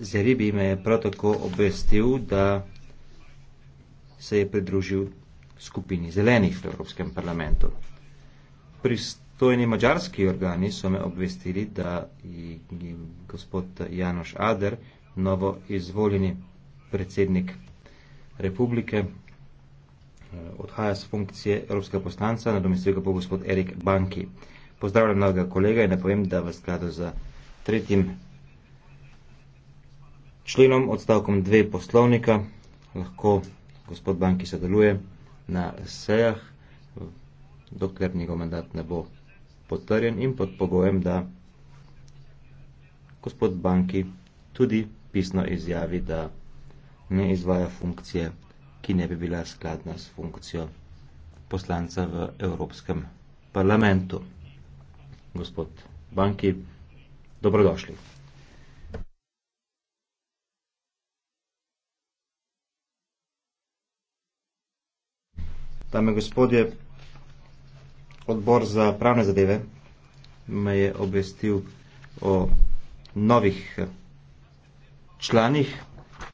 Zeribi me je prav tako obvestil, da se je pridružil skupini zelenih v Evropskem parlamentu. Pristojni mačarski organi so me obvestili, da je gospod Janoš Ader, novo izvoljeni predsednik republike, odhaja z funkcije Evropskega poslanca, nadomestil ga bo gospod Erik Banki. Pozdravljam novega kolega in napovem, da v skladu z tretjim členom odstavkom 2 poslovnika lahko gospod Banki sodeluje na sejah, dokler njegov mandat ne bo potrjen in pod pogojem, da gospod Banki tudi pisno izjavi, da ne izvaja funkcije, ki ne bi bila skladna s funkcijo poslanca v Evropskem parlamentu. Gospod Banki, dobrodošli. Dame gospodje, odbor za pravne zadeve me je obvestil o novih eh, članih